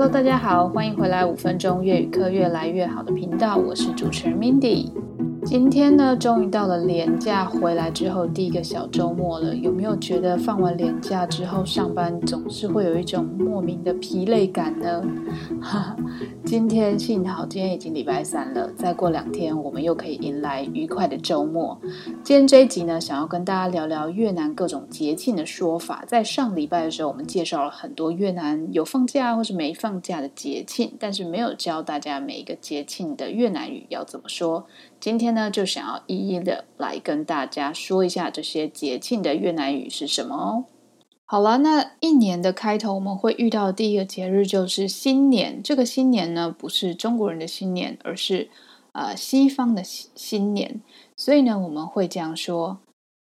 Hello，大家好，歡迎回來五分鐘越語課，越來越好的頻道，我是主持人 Mindy。今天呢，終於到了連假回來之後第一個小周末了。有沒有覺得放完連假之後上班總是會有一種莫名的疲累感呢？哈哈，今天幸好今天已經禮拜三了，再過兩天我們又可以迎來愉快的周末。今天這一集呢，想要跟大家聊聊越南各種節慶的說法。在上禮拜的時候，我們介紹了很多越南有放假或是沒放假的節慶，但是沒有教大家每一個節慶的越南語要怎麼說。今天呢，就想要一一的來跟大家說一下這些節慶的越南語是什麼哦。好啦，那一年的開頭我們會遇到第一個節日就是新年。這個新年呢，不是中國人的新年，而是呃西方的新年。所以呢，我們會這樣說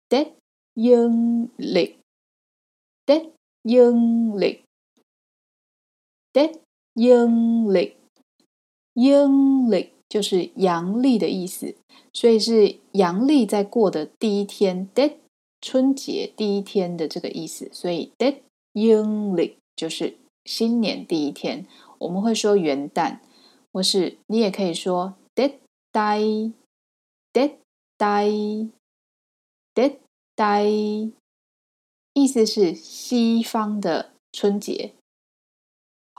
，Tết dương lịch，Tết dương lịch，Tết dương lịch，dương lịch。就是陽曆的意思，所以是陽曆在過的第一天，Tết 春節第一天的這個意思，所以 Tết 陽曆就是新年第一天。我們會說元旦，或是你也可以說 Tết tây，Tết tây，Tết tây，意思是西方的春節。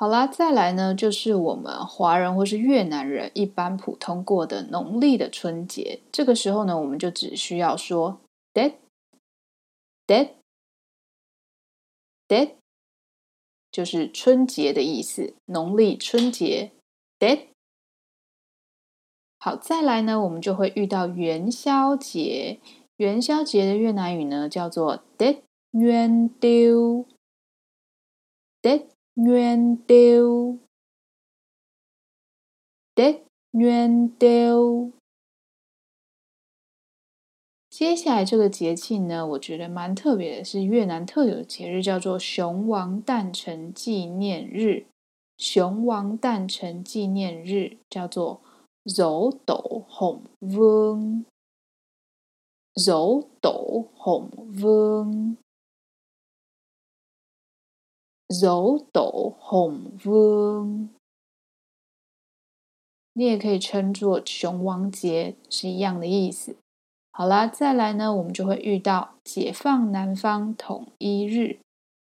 好啦，再來呢，就是我們華人或是越南人一般普通過的農曆的春節，這個時候呢，我們就只需要說 “Tết”，“Tết”，“Tết”，就是春節的意思，農曆春節 “Tết”。好，再來呢，我們就會遇到元宵節，元宵節的越南語呢叫做 “Tết 阮丟，得丟。接下來這個節慶呢，我覺得蠻特別的是越南特有的節日，叫做雄王誕辰紀念日。雄王誕辰紀念日叫做柔斗紅翁，柔斗紅翁。柔斗紅翁，你也可以稱作雄王節，是一樣的意思。好了，再來呢，我們就會遇到解放南方統一日。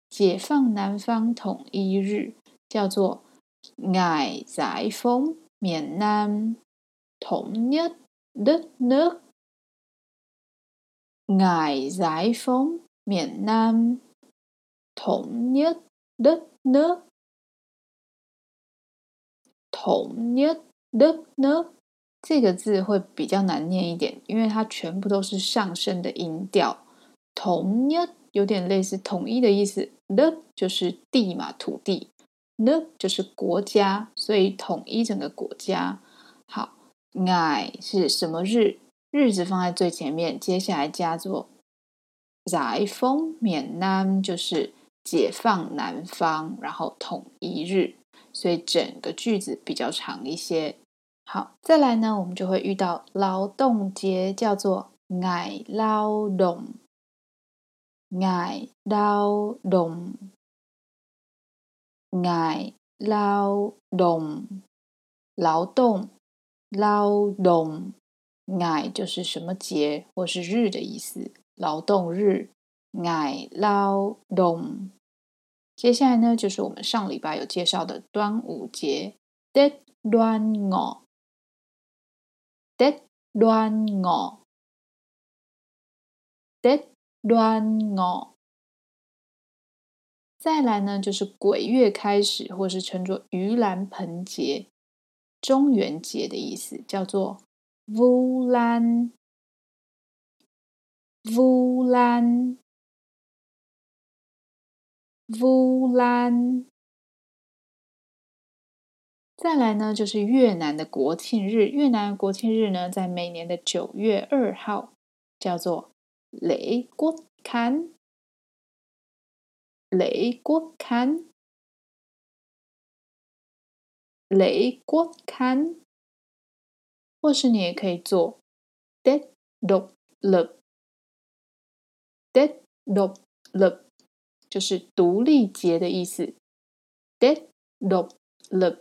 解放南方統一日叫做 “Ngày Giải phóng miền Nam thống nhất 的的的 Ngày Giải phóng miền Nam thống nhất”。的呢，統一的呢，這個字會比較難念一點，因為它全部都是上升的音調。統一有點類似統一的意思，的就是地嘛，土地，呢就是國家，所以統一整個國家。好，愛是什麼日？日子放在最前面，接下來加做在風免南就是，解放南方，然後統一日，所以整個句子比較長一些。好，再來呢，我們就會遇到勞動節，叫做 Ngày Lao Động，Ngày Lao Động，Ngày Lao Động 勞動，勞動,勞動,勞動,勞動,勞動 Ngày 就是什麼節或是日的意思，勞動日。Ngày Lao Động，接下來呢就是我們上禮拜有介紹的端午節，Tết Đoan Ngọ，Tết Đoan Ngọ，Tết Đoan Ngọ。再來呢就是鬼月開始，或是稱作盂蘭盆節、中元節的意思，叫做 Vu Lan，Vu 烏蘭，再來呢，就是越南的國慶日。越南國慶日呢，在每年的九月二號，叫做 “Lễ Quốc khánh”，“Lễ Quốc khánh”，“Lễ Quốc khánh”，或是你也可以做 “Tết Độc lập”，“Tết Độc lập”。 就是獨立節的意思，Tết Độc lập。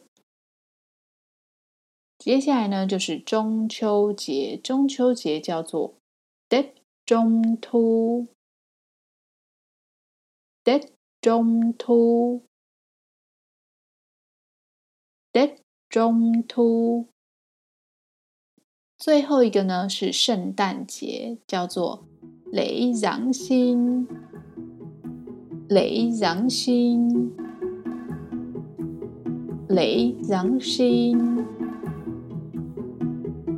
接下來呢，就是中秋節，中秋節叫做 Tết Trung Thu，Tết Trung Thu，Tết Trung Thu。最後一個呢是聖誕節，叫做 Lễ Giáng Sinh。lễ Giáng Sinh, lễ Giáng Sinh。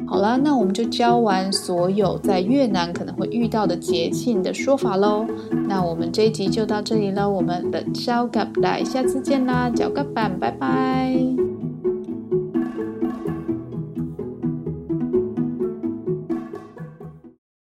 好了，那我們就教完所有在越南可能會遇到的節慶的說法嘍。那我們這一集就到這裡了，我們 lần sau gặp lại，下次見啦，chào các bạn，拜拜。